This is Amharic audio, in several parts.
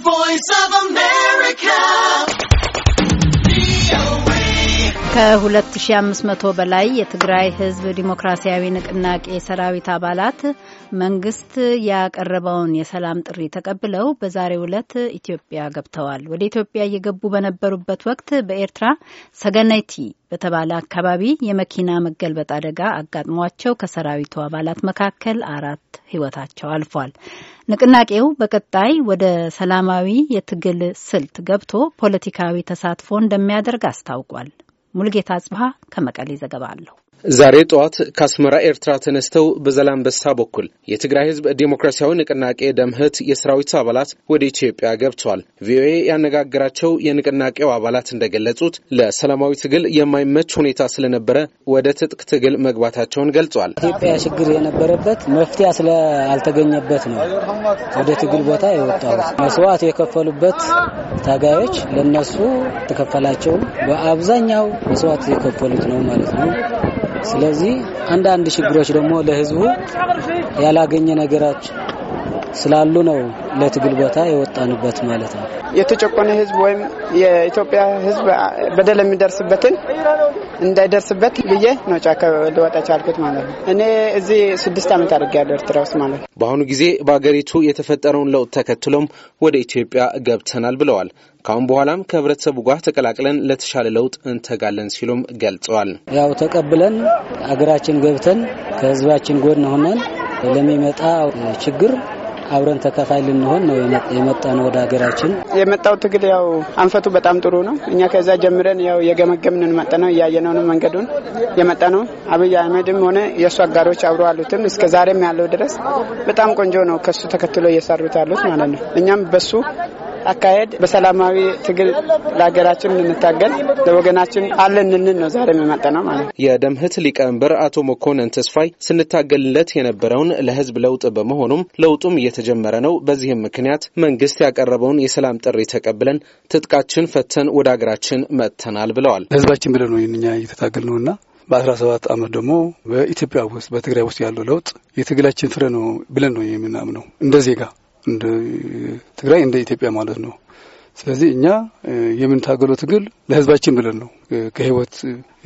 voice of a man. ከ2500 በላይ የትግራይ ሕዝብ ዲሞክራሲያዊ ንቅናቄ ሰራዊት አባላት መንግስት ያቀረበውን የሰላም ጥሪ ተቀብለው በዛሬው ዕለት ኢትዮጵያ ገብተዋል። ወደ ኢትዮጵያ እየገቡ በነበሩበት ወቅት በኤርትራ ሰገነቲ በተባለ አካባቢ የመኪና መገልበጥ አደጋ አጋጥሟቸው ከሰራዊቱ አባላት መካከል አራት ህይወታቸው አልፏል። ንቅናቄው በቀጣይ ወደ ሰላማዊ የትግል ስልት ገብቶ ፖለቲካዊ ተሳትፎ እንደሚያደርግ አስታውቋል። ሙልጌታ ጽብሃ ከመቀሌ ዘገባ አለሁ። ዛሬ ጠዋት ከአስመራ ኤርትራ ተነስተው በዘላንበሳ በኩል የትግራይ ህዝብ ዴሞክራሲያዊ ንቅናቄ ደምህት የሰራዊት አባላት ወደ ኢትዮጵያ ገብተዋል። ቪኦኤ ያነጋገራቸው የንቅናቄው አባላት እንደገለጹት ለሰላማዊ ትግል የማይመች ሁኔታ ስለነበረ ወደ ትጥቅ ትግል መግባታቸውን ገልጿል። ኢትዮጵያ ችግር የነበረበት መፍትያ ስለአልተገኘበት ነው ወደ ትግል ቦታ የወጣሁት። መስዋዕት የከፈሉበት ታጋዮች ለነሱ ተከፈላቸውም በአብዛኛው መስዋዕት የከፈሉት ነው ማለት ነው ስለዚህ አንዳንድ ችግሮች ደግሞ ለህዝቡ ያላገኘ ነገራቸው ስላሉ ነው ለትግል ቦታ የወጣንበት ማለት ነው። የተጨቆነ ህዝብ ወይም የኢትዮጵያ ህዝብ በደል የሚደርስበትን እንዳይደርስበት ብዬ ነው ጫካ ልወጣ ቻልኩት ማለት ነው። እኔ እዚህ ስድስት ዓመት አድርጌያለሁ ኤርትራ ውስጥ ማለት ነው። በአሁኑ ጊዜ በሀገሪቱ የተፈጠረውን ለውጥ ተከትሎም ወደ ኢትዮጵያ ገብተናል ብለዋል። ካሁን በኋላም ከህብረተሰቡ ጋር ተቀላቅለን ለተሻለ ለውጥ እንተጋለን ሲሉም ገልጸዋል። ያው ተቀብለን አገራችን ገብተን ከህዝባችን ጎን ሆነን ለሚመጣ ችግር አብረን ተካፋይ ልንሆን ነው የመጣ ነው ወደ ሀገራችን የመጣው ትግል ያው አንፈቱ በጣም ጥሩ ነው። እኛ ከዛ ጀምረን ያው የገመገምንን መጠ ነው እያየነውን መንገዱን የመጣ ነው። አብይ አህመድም ሆነ የእሱ አጋሮች አብሮ አሉትም እስከ ዛሬም ያለው ድረስ በጣም ቆንጆ ነው። ከሱ ተከትሎ እየሰሩት ያሉት ማለት ነው። እኛም በሱ አካሄድ በሰላማዊ ትግል ለሀገራችን እንታገል ለወገናችን አለን እንል ነው ዛሬ የሚመጣ ነው ማለት ነው። የደምህት ሊቀመንበር አቶ መኮንን ተስፋይ ስንታገልለት የነበረውን ለህዝብ ለውጥ በመሆኑም ለውጡም እየተጀመረ ነው። በዚህም ምክንያት መንግስት ያቀረበውን የሰላም ጥሪ ተቀብለን ትጥቃችን ፈተን ወደ ሀገራችን መጥተናል ብለዋል። ለህዝባችን ብለን ነው እኛ እየተታገል ነውና በአስራ ሰባት አመት ደግሞ በኢትዮጵያ ውስጥ በትግራይ ውስጥ ያለው ለውጥ የትግላችን ፍሬ ነው ብለን ነው የምናምነው እንደ ዜጋ ትግራይ እንደ ኢትዮጵያ ማለት ነው። ስለዚህ እኛ የምንታገለው ትግል ለህዝባችን ብለን ነው። ከህይወት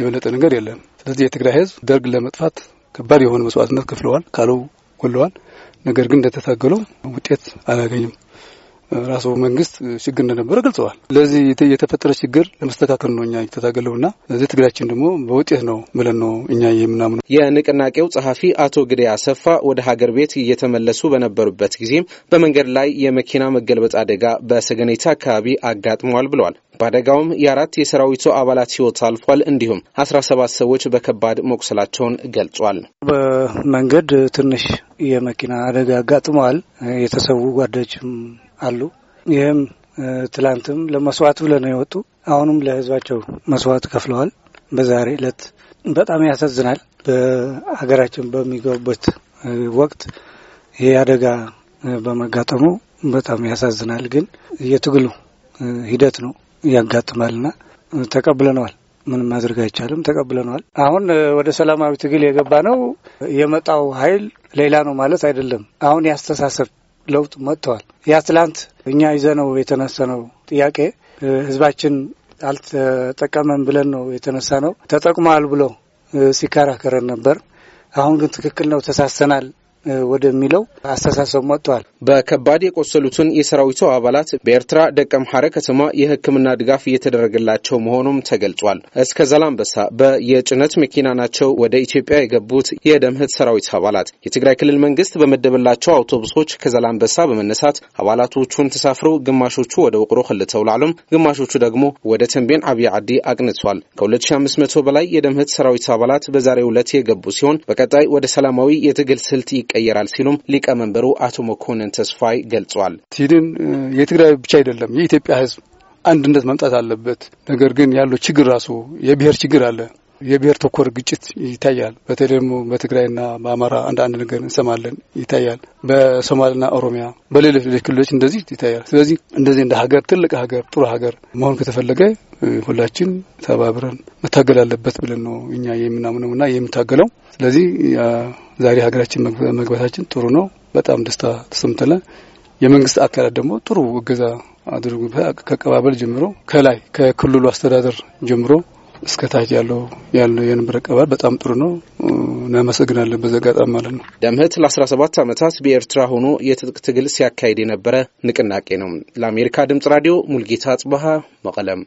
የበለጠ ነገር የለም። ስለዚህ የትግራይ ህዝብ ደርግ ለመጥፋት ከባድ የሆነ መስዋዕትነት ከፍለዋል፣ ካለው ወለዋል። ነገር ግን እንደተታገለው ውጤት አላገኝም። ራሱ መንግስት ችግር እንደነበረ ገልጸዋል። ለዚህ የተፈጠረ ችግር ለመስተካከል ነው እኛ የተታገለው ና እዚህ ትግላችን ደግሞ በውጤት ነው ብለን ነው እኛ የምናምኑ። የንቅናቄው ጸሐፊ አቶ ግዴ አሰፋ ወደ ሀገር ቤት እየተመለሱ በነበሩበት ጊዜም በመንገድ ላይ የመኪና መገልበጥ አደጋ በሰገኔታ አካባቢ አጋጥመዋል ብለዋል። በአደጋውም የአራት የሰራዊቱ አባላት ህይወት አልፏል። እንዲሁም አስራ ሰባት ሰዎች በከባድ መቁሰላቸውን ገልጿል። በመንገድ ትንሽ የመኪና አደጋ አጋጥመዋል። የተሰዉ ጓዶችም አሉ። ይህም ትላንትም ለመስዋዕት ብለው ነው የወጡ። አሁንም ለህዝባቸው መስዋዕት ከፍለዋል። በዛሬ ዕለት በጣም ያሳዝናል። በሀገራችን በሚገቡበት ወቅት ይህ አደጋ በመጋጠሙ በጣም ያሳዝናል። ግን የትግሉ ሂደት ነው ያጋጥማልና ተቀብለነዋል። ምንም ማድረግ አይቻልም። ተቀብለነዋል። አሁን ወደ ሰላማዊ ትግል የገባ ነው የመጣው ኃይል ሌላ ነው ማለት አይደለም። አሁን ያስተሳሰብ ለውጥ መጥተዋል። ያ ትላንት እኛ ይዘነው የተነሰነው ጥያቄ ህዝባችን አልተጠቀመም ብለን ነው የተነሳ ነው። ተጠቅሟል ብሎ ሲከራከረን ነበር። አሁን ግን ትክክል ነው ተሳሰናል ወደሚለው አስተሳሰብ መጥተዋል። በከባድ የቆሰሉትን የሰራዊቱ አባላት በኤርትራ ደቀ ምሐረ ከተማ የሕክምና ድጋፍ እየተደረገላቸው መሆኑም ተገልጿል። እስከ ዛላምበሳ በየጭነት መኪና ናቸው ወደ ኢትዮጵያ የገቡት የደምህት ሰራዊት አባላት። የትግራይ ክልል መንግስት በመደበላቸው አውቶቡሶች ከዛላምበሳ በመነሳት አባላቶቹን ተሳፍረው ግማሾቹ ወደ ውቅሮ ክልተ ግማሾቹ ደግሞ ወደ ተንቤን አብይ አዲ አቅንቷል። ከ2500 በላይ የደምህት ሰራዊት አባላት በዛሬው ዕለት የገቡ ሲሆን በቀጣይ ወደ ሰላማዊ የትግል ስልት ይቀየራል ሲሉም ሊቀመንበሩ አቶ መኮንን ተስፋይ ገልጿል። ሲድን የትግራይ ብቻ አይደለም የኢትዮጵያ ህዝብ አንድነት መምጣት አለበት። ነገር ግን ያለው ችግር ራሱ የብሔር ችግር አለ። የብሔር ተኮር ግጭት ይታያል። በተለይ ደግሞ በትግራይና በአማራ አንዳንድ ነገር እንሰማለን ይታያል። በሶማሌና ኦሮሚያ፣ በሌሎች ሌሎች ክልሎች እንደዚህ ይታያል። ስለዚህ እንደዚህ እንደ ሀገር ትልቅ ሀገር ጥሩ ሀገር መሆን ከተፈለገ ሁላችን ተባብረን መታገል አለበት ብለን ነው እኛ የምናምነውና የምታገለው። ስለዚህ ዛሬ ሀገራችን መግባታችን ጥሩ ነው። በጣም ደስታ ተሰምተናል። የመንግስት አካላት ደግሞ ጥሩ እገዛ አድርጉ ከአቀባበል ጀምሮ ከላይ ከክልሉ አስተዳደር ጀምሮ እስከታች ያለው ያለው የንብረ ቀባር በጣም ጥሩ ነው። እናመሰግናለን በዚ አጋጣሚ ማለት ነው። ደምህት ለ17 ዓመታት በኤርትራ ሆኖ የትጥቅ ትግል ሲያካሄድ የነበረ ንቅናቄ ነው። ለአሜሪካ ድምጽ ራዲዮ ሙልጌታ አጽበሃ መቀለም